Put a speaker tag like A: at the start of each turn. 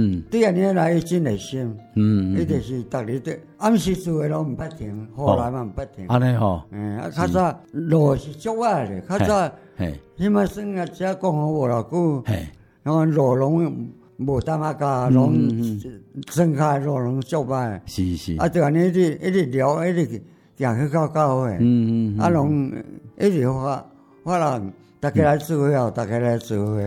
A: 嗯，
B: 對啊，你來真熱心，嗯，一直是，daily 的，按時做的咯，唔不停，後來嘛唔不停，安尼吼，嗯，
A: 啊，較早
B: 路是做歪的，較早，嘿，你冇生啊，只要講好話老古，嘿，啊羅龍冇當阿家龍，生開羅龍做歪，
A: 是是，啊，
B: 就安尼一直一直聊，一直講去搞搞好誒，
A: 嗯嗯，啊龍
B: 一直發發了，大家來聚會啊，大家來聚會，